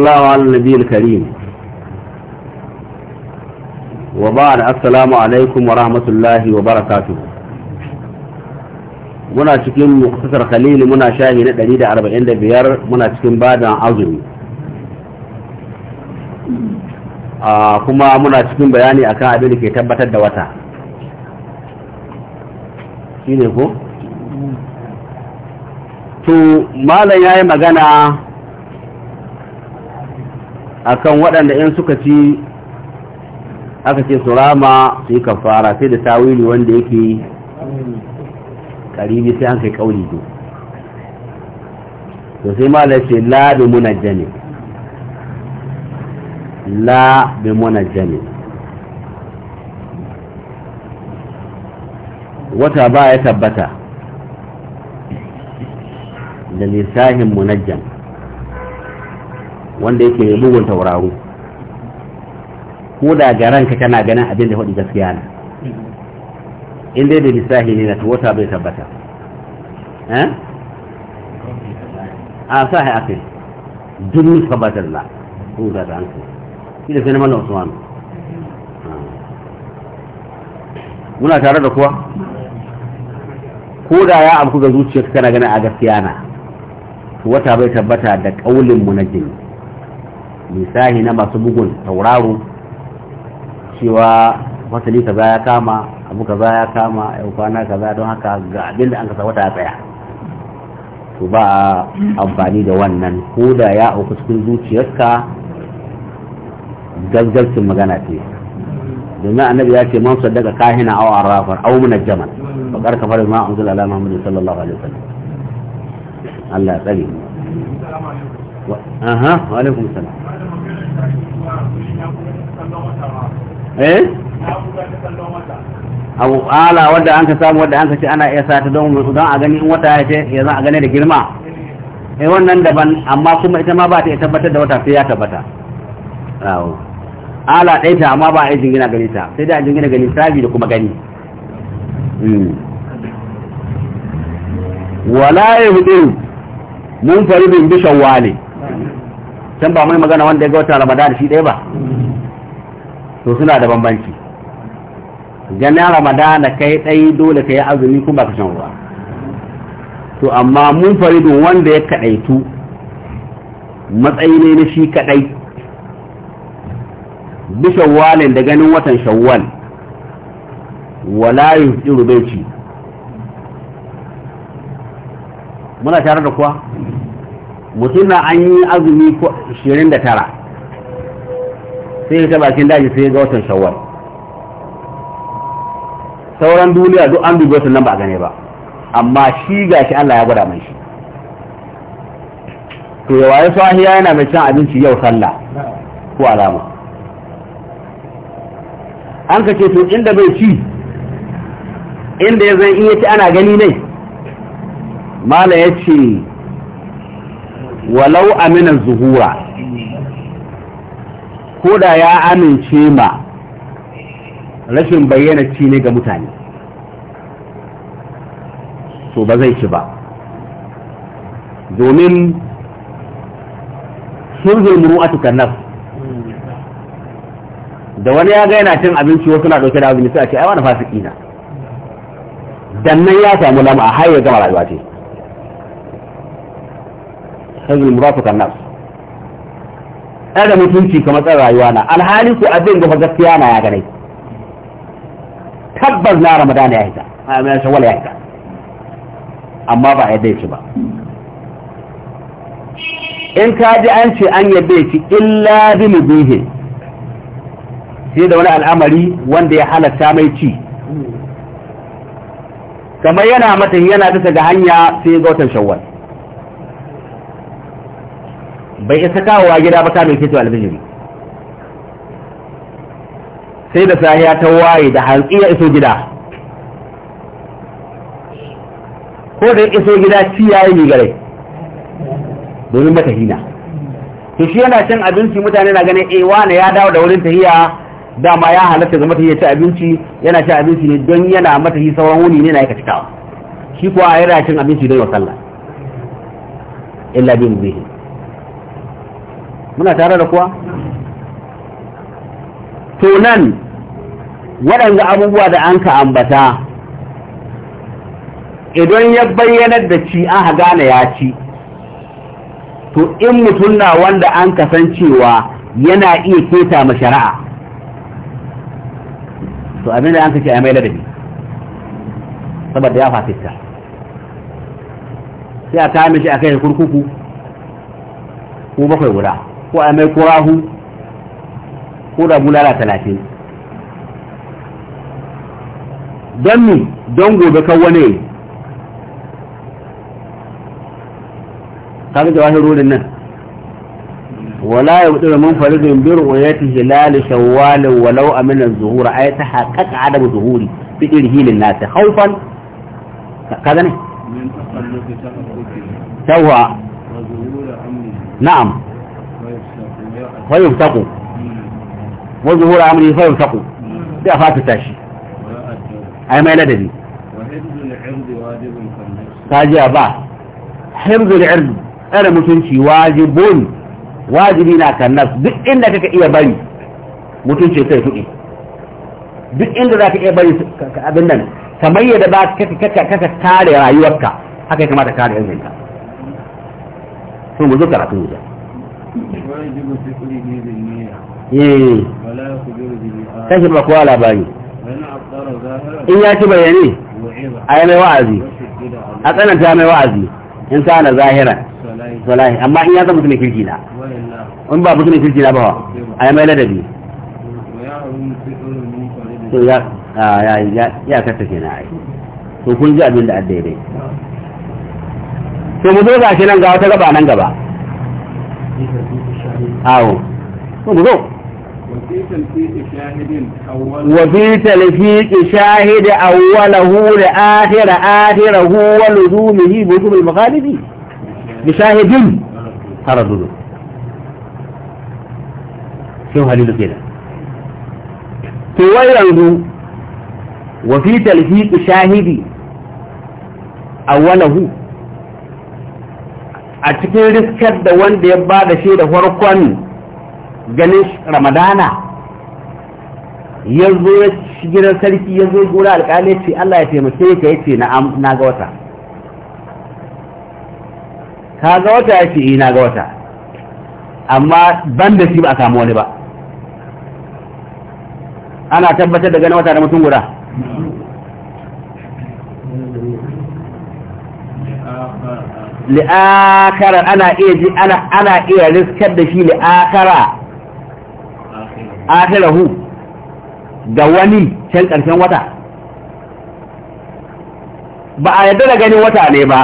الله على النبي الكريم وبعد السلام عليكم ورحمة الله وبركاته muna cikin muktasar muna cikin badan azumi a kuma muna cikin bayani akan abin ke tabbatar da wata shine ko to malam yayi magana akan waɗanda in suka ci aka ce su rama su yi kafara sai da tawili wanda yake karibi sai an kai kauli to to sai ma ce la bi jane la bi jane wata ba ya tabbata da lissahin munajjan wanda yake mai bugun tauraro ko da ga ranka kana ganin abin da faɗi gaskiya na in dai da misali ne na tuwata bai tabbata eh? a sahi ake duk nufa batar la kun ga ta hanku shi da sai na mana usman muna tare da kuwa ko da ya abu ga zuciyarka kana ganin a gaskiya na wata bai tabbata da kaulin jini. lisahi na masu bugun tauraro cewa fasali kaza ya kama abu kaza ya kama yau kwana kaza don haka ga abin da an kasa wata tsaya to ba amfani da wannan ko da ya auku cikin zuciyarka gaggarcin magana ce domin annabi ya ce man daga kahina aw arrafar aw munajjaman fa fara ma anzala ala muhammad sallallahu alaihi wasallam Allah ya tsare mu aha wa alaikum salam Eh? abu ala wadda an ka samu wadda an ka ce ana iya sata don don a gani in wata ya ce ya za a gane da girma eh wannan daban amma kuma ita ma ba ta tabbatar da wata sai ya tabbata awo ala ɗaya ta amma ba a yi jingina gani ta sai da jingina gani sabi da kuma gani hmm. wala ya hudu mun faribin bishan wale can ba mai magana wanda ya ga watan ramadan shi ɗaya ba to suna da bambanci ganin na kai ɗai dole ka yi azumi kuma ka shan ruwa to amma mun faridun wanda ya kaɗaitu matsayi ne na shi kaɗai walin da ganin watan shawwal wala yi muna tare da kuwa mutum na an yi azumi 29 sai ta bakin daji sai ga watan shawwal sauran duniya duk an dubi wasu nan ba a gane ba amma shi ga shi Allah ya gwada mai shi to yawa ya sahiya yana mai cin abinci yau sallah ko alama an ka ce to inda bai ci inda ya zai iya ci ana gani ne mala ya ce walau amina zuhura ko da ya amince ma rashin bayyana ci ne ga mutane to ba zai ci ba domin sun zulmuru a tukannas da wani ya ga yana cin abinci wasu na ɗauke da abinci a ce ai wani fasiki dan nan ya samu lama a ya gama rayuwa ce tanzil murafika ɗan da mutunci kamar tsan rayuwa na alhali ku abin gaba gaskiya na ya ganai tabbas na ramadana ya hita a shawala ya hita amma ba a yadda ba in ka ji an ce an yadda ci illa bi bihe. sai da wani al'amari wanda ya halatta mai ci kamar yana mata yana bisa ga hanya sai ga watan shawwal bai isa kawowa gida ba kamin kito albijiri sai da sahiya ta waye da hantsi ya iso gida ko da ya iso gida ci ya yi gare domin ba hina to shi yana cin abinci mutane na ganin eh wane ya dawo da wurin tahiya dama ya halatta ga ta ci abinci yana ci abinci ne don yana matahi sauran wuni ne na yaka cikawa shi kuwa yana cin abinci don yau sallah illa bin bihi muna tare da kuwa to nan waɗanda abubuwa da an ka ambata idan ya bayyanar da ci an gane ya ci to in mutum na wanda an kasancewa yana iya keta ma shari'a to abin da an kace a mai ladabi saboda ya fasita sai a kame shi a kai kurkuku ko bakwai guda ko a mai kurahu ko da bulala talatin don mi don gobe kan wani ga jawahir rodin nan wala ya mutu mun faridin bir uyati hilal shawwal walau amina zuhur ay ta haƙaƙa adam zuhuri fi irhilin nas khawfan kaga ne tawwa na'am fayubtaku wa zuhur amri fayubtaku sai a fata tashi ai mai ladabi kajiya ba hirzul ird tsare mutunci wajibun wajibi na kan duk inda kaka iya bari mutunci sai tuɗi duk inda za ka iya bari abin nan kamar yadda ba kaka kare rayuwarka haka ya kamata kare yanzu ka sun mu zo karatu wajen Eh. kashi ba kowa labari in ya ci bayani a yi mai wa'azi a tsananta mai wa'azi in sa na zahira salahi amma in ya zama mutumin kirki na in ba mutumin kirki na ba wa a yi mai ladabi to ya ya kasa ke na ai to kun ji abin da an daidai to mu zo ga shi nan ga wata gaba nan gaba awo ko وفي تلفيق شاهد أوله لآخر آخره ولزومه بوجوب المغالب بشاهد تردد شو هديد كده تويرنه وفي تلفيق شاهد أوله a cikin riskar da wanda ya ba da shi da farkon ganin ramadana ya zo ya gidan sarki ya zo gura alƙalai ce Allah ya taimake ka ya ce na ga wata ka ga wata ya ce eh, na ga wata amma ban da shi ba a samu wani ba ana tabbatar da ganin wata da mutum guda li'akara ana iya ji ana iya riskar da shi li'akara akirahu ga wani can ƙarshen wata ba a yadda da ganin wata ne ba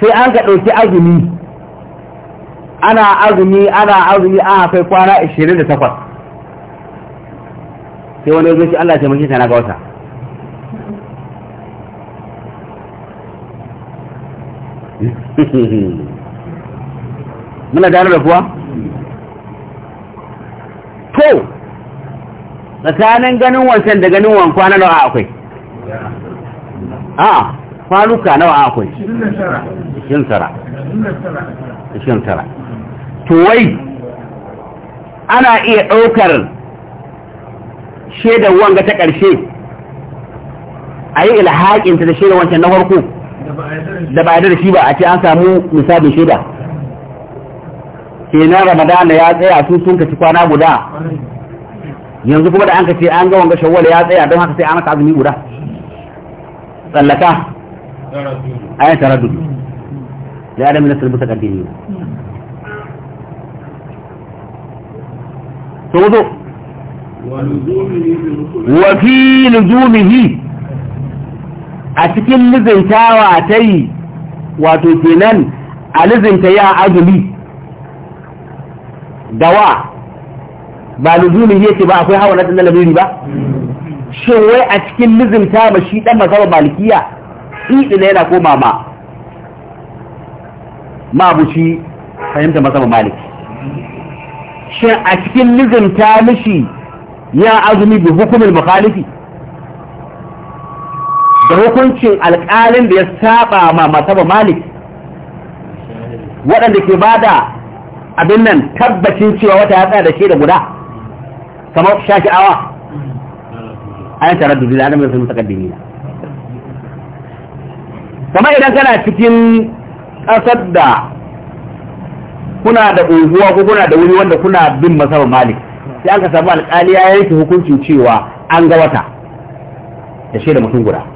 sai an ka ɗauki azumi ana azumi ana azumi an hafai kwana 28 sai wani ya zo Allah ya taimake ka ga wata muna tare da kuwa to tsakanin ganin wancan da ganin wan kwana nawa akwai a ah, kwanuka nawa akwai tara. 29 tara. to wai ana iya ɗaukar shaidar wanga ta ƙarshe a yi ilhaƙinta da shaidar wancan na farko da ba yarda da shi ba a ce an samu misalin shaida kenan ramadan ya tsaya sun sun kaci kwana guda yanzu kuma da an kace an ga wanga shawwal ya tsaya don haka sai an ka azumi guda tsallaka ayat taraddud da adam na sulbuta kaddini to wazo wa fi luzumihi a cikin lizintawa ta yi wato kenan a lizinta ya azumi da wa ba luzumin yake ba akwai hawa na ɗan lamiri ba shin wai a cikin lizinta ba shi ɗan mazaba malikiya ɗiɗi na yana koma ma shi fahimta mazaba maliki shin a cikin lizinta mishi ya azumi bi hukumin mukhalifi da hukuncin alƙalin da ya saba ma masaba malik waɗanda ke ba da abin nan tabbacin cewa wata ya tsaya da shi da guda kamar shafi'awa a yan tarar dubu da adam da sun takaddimi na kamar idan kana cikin ƙasar da kuna da unguwa ko kuna da wuri wanda kuna bin masaba malik sai an ka samu alƙali ya yanke hukuncin cewa an ga wata da shi da mutum guda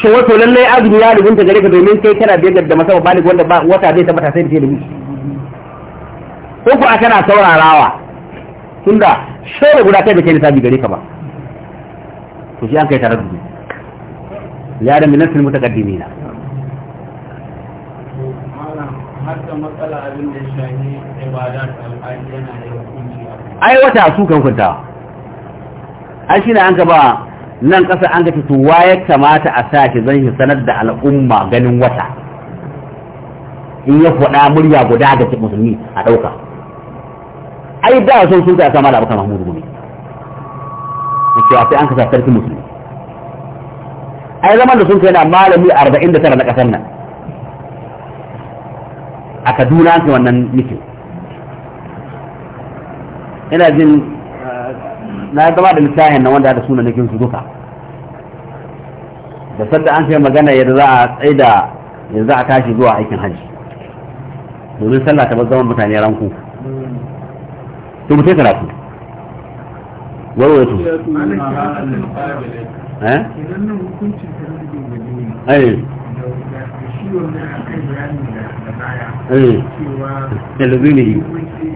shi wato lallai azumi ya rubuta gare ka domin kai kana biyar da masa balik wanda ba wata zai tabbata sai da ke rubuci ko ku a kana saurarawa tunda shore guda kai da kai lissafi gare ka ba to shi an kai tare da ya da minasul na ai wata su kan kunta ai shi ne an ka ba nan ƙasa an gace to waye kamata a sake zan shi sanar da al'umma ganin wata in ya faɗa murya guda ga musulmi a ɗauka ai ba son sun kai sama da abokan mahmudu gumi da cewa sai an kasa sarki musulmi ai zaman da sun kai na malami arba'in da tara na ƙasar nan a kaduna an wannan mitin ina jin na zama da littafin nan wanda da suna na su duka da sadda an sai magana yadda za a tsaida za a tashi zuwa aikin hajji domin sallah ta bar zaman mutane ranku to mutai karatu eh eh eh eh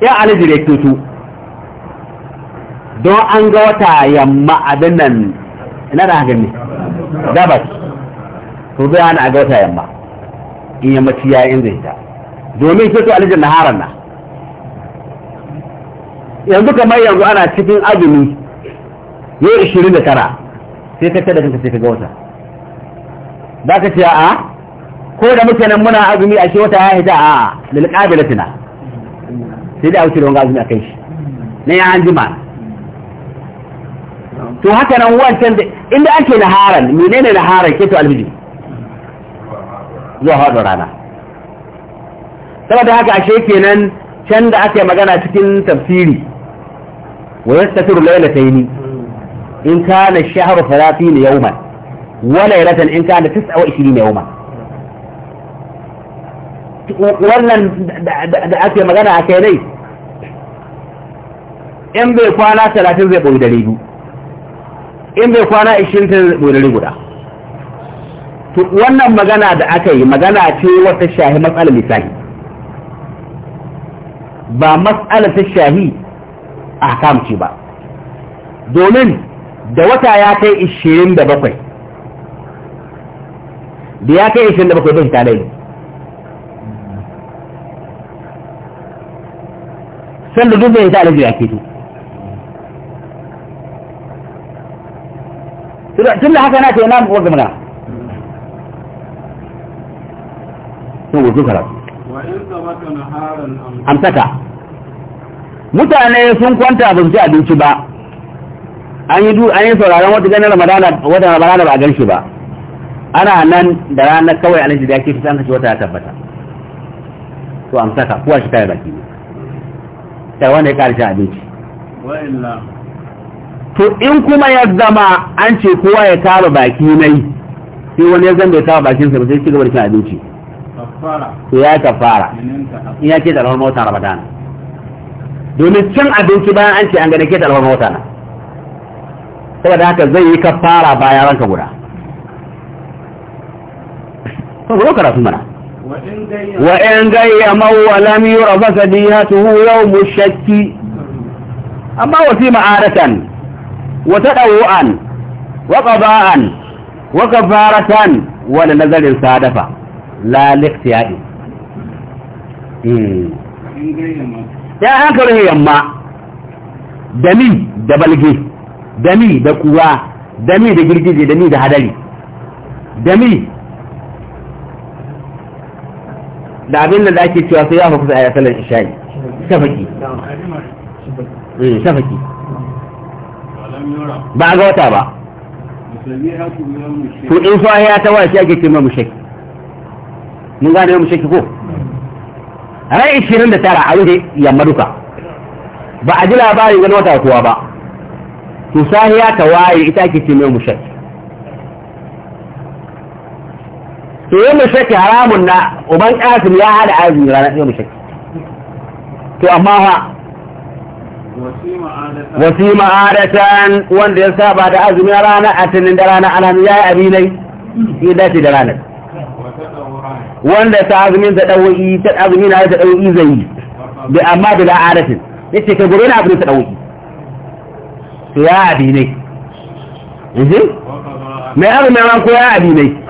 ya ali direktu tu don an ga wata yamma abin nan ina da gani gabas to zai hana a ga wata yamma in yamma ya in zai ta domin sai to alijir naharar na yanzu kamar yanzu ana cikin azumi yau ishirin da tara sai ka tada kanka sai ka ga wata za ka ce a ko da mutanen muna azumi a shi wata ya hita a lilƙabilatina sai da wuce da wanga azumi a kai shi na ya an jima to haka nan wancan da inda ake na naharan menene naharan ke to almiji zuwa haɗin rana saboda haka ashe kenan can da ake magana cikin tafsiri wa yastatiru laylatayn in kana ash-shahru 30 yawman wa laylatan in kana 29 yawman wannan da ake magana a kai in bai kwana talatin zai ɓoyi dare biyu in bai kwana ishirin zai ɓoyi dare guda to wannan magana da aka yi magana ce wata shahi matsalar misali ba matsalar ta shahi a kamci ba domin da wata ya kai ishirin da bakwai da ya kai ishirin da bakwai bai ta daidai sanda ya zai ta alaji ya keto tun da haka na ce na wanda muna sun wuce karatu amsaka mutane sun kwanta ba su ci abinci ba an yi an yi sauraron wata ganin ramadana wata ramadana ba a gan shi ba ana nan da ranar kawai alaji da ya keto ta wata ya tabbata to amsaka kuwa shi kayan baki ne da wanda ya karshe abinci to in kuma ya zama an ce kowa ya tara baki nai sai wani ya zama ya tara bakin ba sai ci gaba da cin abinci to ya kafara in ya ce da mota mota ramadana domin cin abinci bayan an ce an gane ke da mota na saboda haka zai yi kafara bayan ranka guda. Kuma zo karatu mana. wa’in gayyama wa lami wa fasa diya ta huwa mu shakki amma wasi ma’aratan wata ɗauwa’an waka ba’an waka faratan wani nazarin sadafa lalik siyaɗi ya an karu yamma dami da balge dami da kura dami da girgije dami da hadari dami da abin da ake cewa sai ya hau kusa a sallar isha'i shafaki eh, shafaki ba a ga wata ba to in fa ya ta wace ake cewa mushaki mun gane mushaki ko ran 29 a rufe yamma duka ba a ji labarin wani wata kuwa ba to sahiya ta waye ita ake cewa mushaki to yi mu shaki haramun na uban kasim ya hada azumi ranar yi mu shakki to amma ha yi ma'adatan wanda ya saba da azumi a tunin da ranar alhamis ya yi abinai yi dace da ranar wanda ta azumin ta ɗauki ta azumi na ta ɗauki zai yi amma da la'adatin ya ce ka gobe na abin ta ɗauki to ya abinai mai azumin ranko ya abinai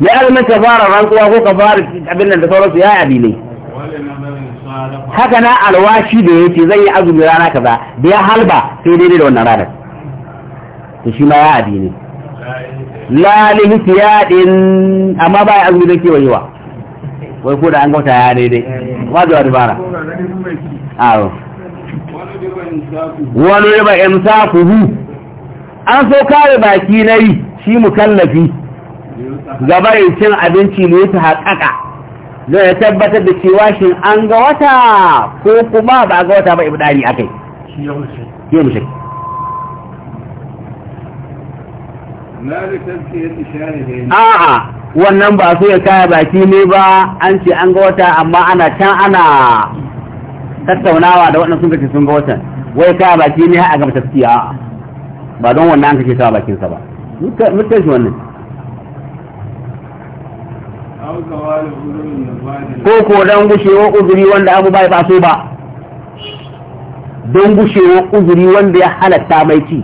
ya azumin ran rankuwa ko kafarar abin nan da sauransu ya yabi ne haka na alwashi da ya ce zai yi azumi rana kaza da ya halba sai daidai da wannan ranar to shi ma ya abi ne la lihtiyadin amma ba ya azumi da wayewa wai ko da an gauta ya daidai zuwa da bara awo wani riba imsakuhu an so kare baki na yi shi mukallafi gabarin cin abinci ne ta haƙaƙa don ya tabbatar da cewa shi an ga wata ko kuma ba ga wata ba ibdari akai yau mushrik a'a wannan ba so ya kaya baki ne ba an ce an ga wata amma ana can ana tattaunawa da sun kace sun ga watan wai kaya baki ne a gaba tafiya. ba don wannan an kake kaya bakinsa ba mutan shi wannan ko ko don gushewa uzuri wanda abu bai faso ba don gushewa uzuri wanda ya halatta mai ci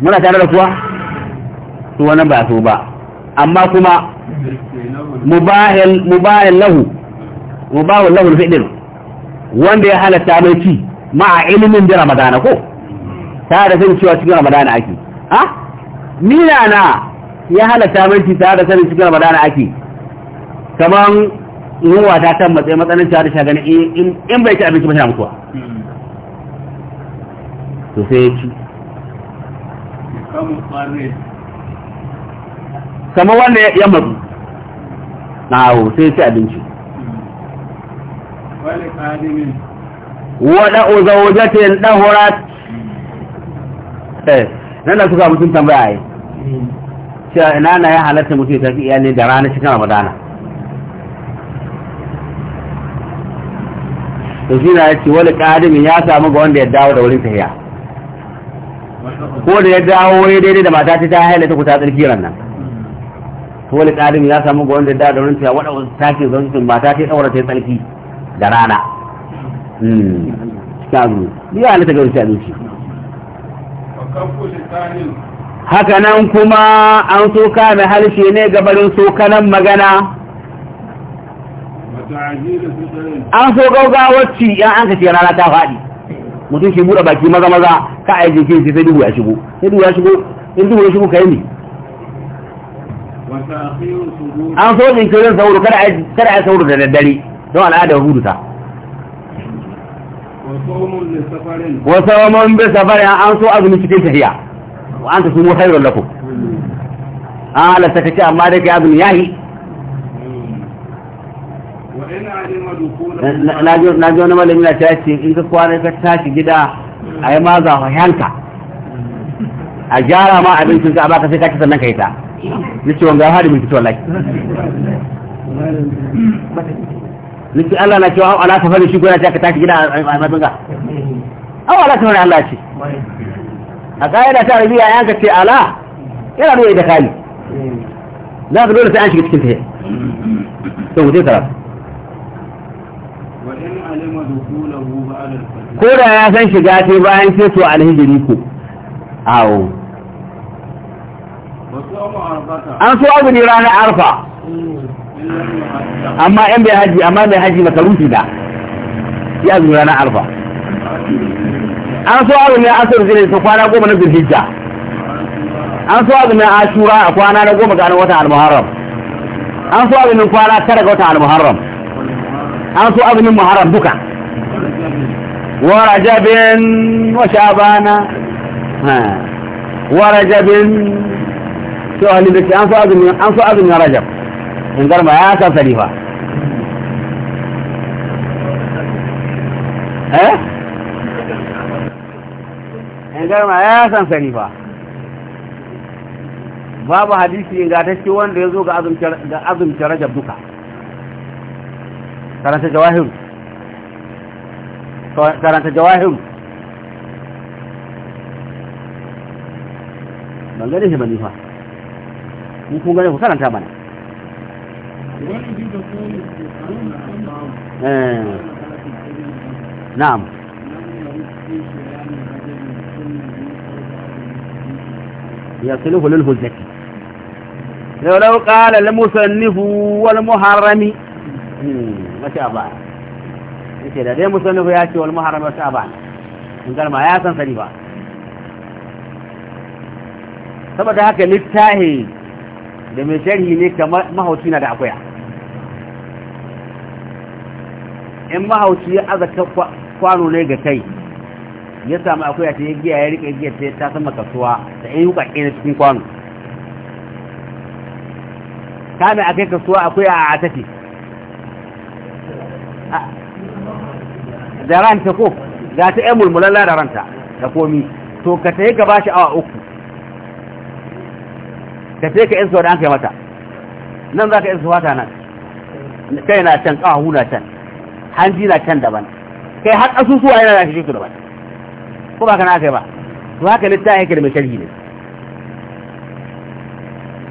muna tare da kuwa su wannan ba so ba amma kuma mubahil lahu mubahil lahu fi'lin wanda ya halatta mai ci ma a ilimin da ramadana ko tare da zan cewa cikin ramadana ake ha ah? ni na na ya halatta mai ta da sanin cikin ramadana ake kaman ruwa ta kan matsayin matsalin cewa da shagani in bai ci abinci ba shi mutuwa to sai ya ci kamar wanda ya na hau sai ya ci abinci wada uzaujatin dahurat mm. eh nan da suka mutum tambaya yi cewa ina na ya halatta mutum ya tafi iyali da rana cikin ramadana to shi na ce wani kadimin ya samu ga wanda ya dawo da wurin tafiya ko da ya dawo wani daidai da mata ta haila ta kuta tsarki ran nan ko wani kadimin ya samu ga wanda ya dawo da wurin tafiya wadda wasu take zan su mata ta daura ta tsarki da rana hmm. cikin azumi ya halatta ga wuce abinci haka nan kuma an soka mai harshe ne gabarin sokanan magana an so gaugawacci yan an kashe rana ta faɗi mutum shi buɗe baki maza maza ka a yi jikin sai dubu ya shigo sai dubu ya shigo in dubu ya shigo ka yi ne an so kirin sauro kada a yi sauro da daddare don al'adar huduta wasu omon bai safari an so azumi cikin tafiya wa an ta sumu khairun lakum an halatta ka ce amma dai ka yazu yahi na ji wani malami na ta ce in ka kwana ka tashi gida a yi ma za yanka a gyara ma abincin ka a baka sai ka ci sannan ka yi ta ni ce ya hari min fito laki ni ce Allah na cewa ana safari shi gona ta ka tashi gida a yi ma matsinga awa ala ta wani Allah ce a da ta arabiya ya ka ce ala yana nuna da kayi za ka dole sai an shiga cikin tafiya to mu je karatu ko da ya san shiga ce bayan ce to alhijiri ko awo an so abu ne ranar arfa amma yan bai haji amma mai haji makarufi da ya zuwa ranar arfa an so azumin asar zai kwana goma na zulhijja an so azumin ashura a kwana na goma ga watan al-muharram an so azumin kwana tara ga watan al-muharram an so azumin muharram duka wa rajabin wa shabana wa rajabin to ahli da an so azumin an so azumin rajab in garma ya san salifa eh garma ya san sani ba babu hadisi ga ingantacce wanda ya zo ga azumci rajab duka karanta jawahiru karanta jawahiru ban gane shi ba nifa in kun gane ku karanta mana eh. na'am يصله للهجة لو قال المصنف والمحرم ما شاء الله yake da dai musannifu ya ce wal muharram wa sha'ban in garma ya san sani ba saboda haka littafi da mai sharhi ne kamar mahauci da akuya in mahauci ya aza kwano ne ga kai ya samu a ta giya ya rike giya ta ta sama kasuwa ta yi yi yuka na cikin kwano kana akai kasuwa akwai a atati da ranta ko ga ta yi mulmulalla da ranta da komi to ka ta yi gaba shi awa uku ka ta yi ka yin da an kai mata nan za ka yin ta nan kai na can ƙahu na can hanji na can daban kai har asusuwa yana da shi daban ko ba kana kai ba to haka litta yake da mai ne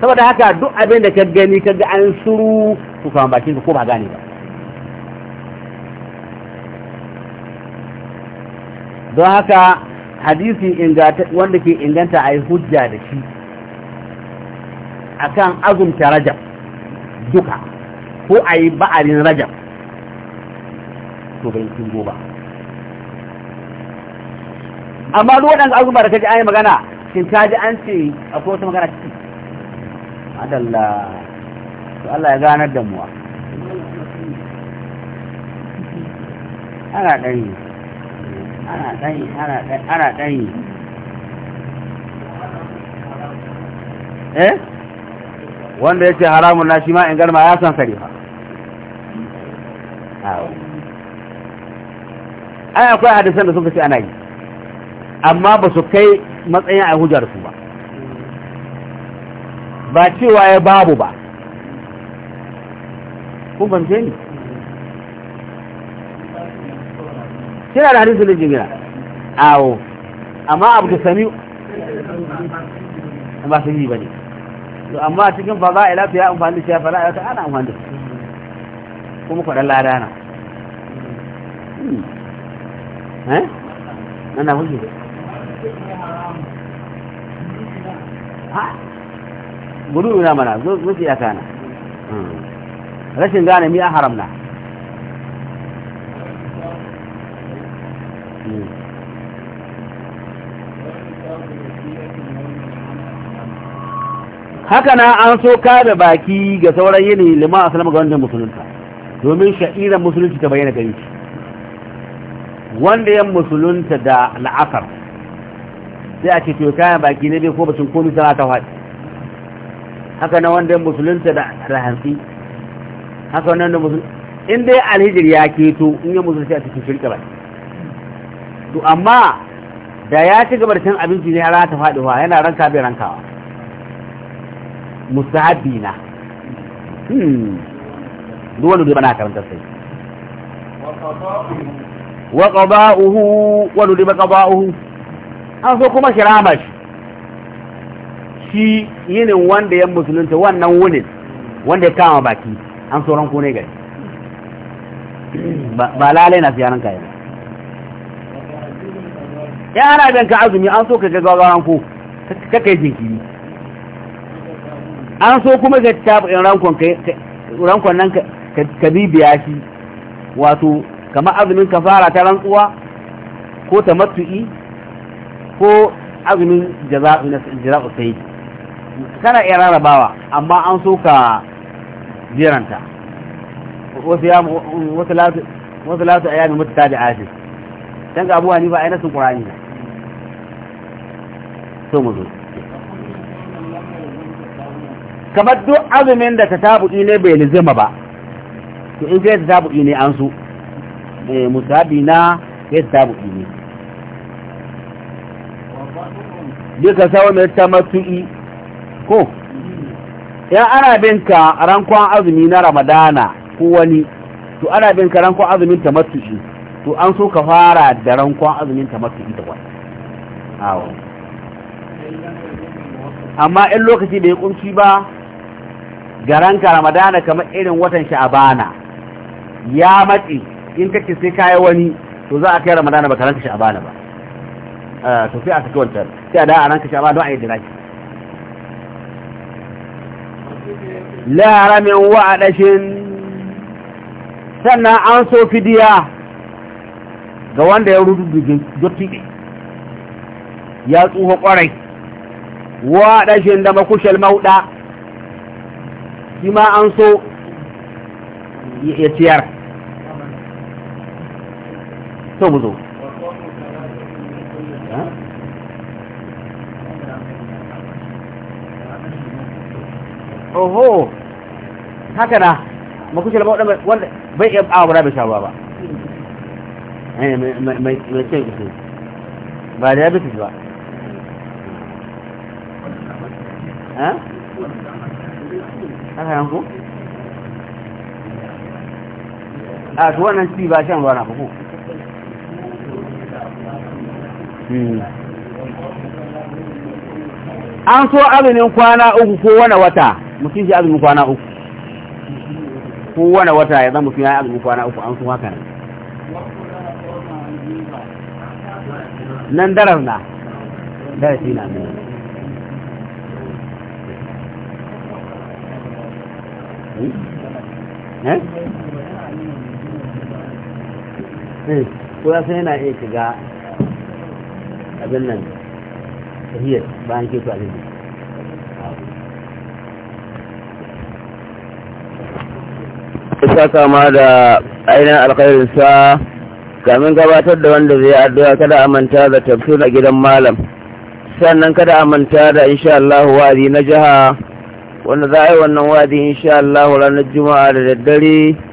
saboda haka duk abin da ka gani ka ga an suru to kama bakin ka ko ba gane ba don haka hadisi wanda ke inganta a yi hujja da shi akan azumta rajab duka ko a yi ba'arin rajab to bai kingo ba amma duk waɗansu azumar da kaji an yi magana sun ta ji an ce akwai wata magana ciki adalla su Allah ya ganar da muwa ana ɗanyi ana ɗanyi ana ɗanyi eh wanda ya ce haramun na shi ma in garma ya san sarifa ai akwai hadisan da suka ce ana yi amma ba su kai matsayin a hujjar su ba ba cewa ya babu ba kun fahimce ni kina da hadisun jimina awo amma abu da sami ba su yi ba ne amma ba za a ila ya amfani da shi ya fara ya ana amfani da kuma kwaɗan ladana hmm. eh? ana hujjar gudu na mana zuci ya kana rashin gane mi a haramna hmm. haka na an so kada baki ga sauran yini liman asalin ga wajen musulunta domin sha'irar musulunci ta bayyana gari wanda yan musulunta da la'akar sai a ce to kaya baki ne bai ko sun komi sana ta faɗi haka na wanda musulunta da rahansi haka wannan da musulunta in dai alhijir ya keto in yi musulunta a cikin shirka ba to amma da ya ci gabar cin abinci ne har ta faɗi wa yana ranka bai rankawa musahabi na hmm. duk wani bana karanta sai wa qada'uhu wa nudiba qada'uhu an so kuma kirama shi shi yinin wanda ya musulunta wannan wunin wanda ya kama baki an sauran ko ne gari ba lalai na fiyanin kayan ya ana bin ka azumi an so ka gaggawa ko kakai jinkiri an so kuma ga taɓin rankon nan ka bibiya shi wato kamar azumin ka fara ta rantsuwa ko ta matu'i ko azumin jira'u sai kana iya rarrabawa amma an so ka jiranta wasu latu a yami mutu tabi ashe can ga abuwa ni ba aina sun ƙurani na so mu zo kamar duk azumin da ta tabuɗi ne bai lizima ba to in kai ta tabuɗi ne an su eh, musabi na kai ta tabuɗi ne duka saunar ta matu'i ko ya ana ka rankon azumi na ramadana ko wani to ana ka rankon azumin ta matu'i to an so ka fara da rankon azumin ta matu'i da wani awo amma in lokaci bai kunci ba ga ranka ramadana kamar irin watan sha'abana ya matsi in kake sai kayi wani to za a kai ramadana ba ka ranka sha'abana ba Eh, to a saki wancan sai a da a ranka shi don a yi diraki laramin wa'adashin sannan an so fidiya ga wanda ya rudu dotti ne ya tsuho kwarai wa'adashin da makushal mauɗa shi ma an so ya ciyar to mu zo oho haka na makushe laba wanda bai iya awa bara bai sha ruwa ba eh, mai ce kusur ba da ya bisu ba eh? haka yanku a ah, su wannan ci ba shan ruwa na kuku hmm. an so abinin kwana uku ko wani wata mutum shi azumi kwana uku kowane wata ya zama mutum ya azumi kwana uku an su haka nan nan darar na darasi na mai eh? Eh? eh? ko ya san yana iya shiga abin nan tahiyar bayan ke su abin saka kama da ainihin sa kamin gabatar da wanda zai addu'a kada a manta da tafsir a gidan malam sannan kada a manta da insha Allah wa'azi na jiha wanda za a yi wannan wa'azi insha Allah ranar juma'a da daddare